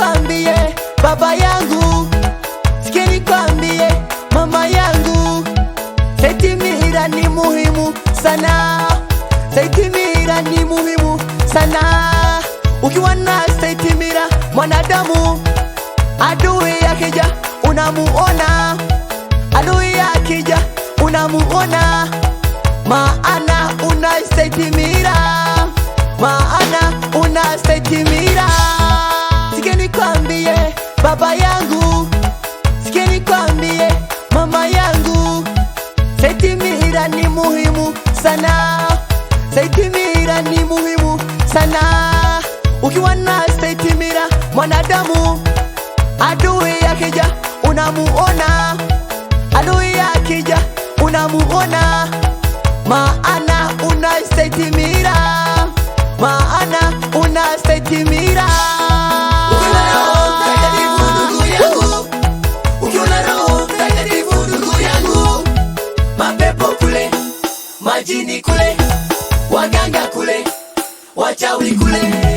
nikwambie baba yangu, sikia nikwambie mama yangu, Saiti Mira ni muhimu sana, Saiti Mira ni muhimu sana. Ukiwa na Saiti Mira mwanadamu adui akija unamuona, adui akija unamuona, maana una Mira, maana una Mira baba yangu, sikieni kwambie mama yangu, Saitimira ni muhimu sana, Saitimira ni muhimu sana. Ukiwa na Saitimira mwanadamu, adui akija unamuona, adui akija unamuona, maana una Saitimira, maana una Saitimira. majini kule, waganga kule, wachawi kule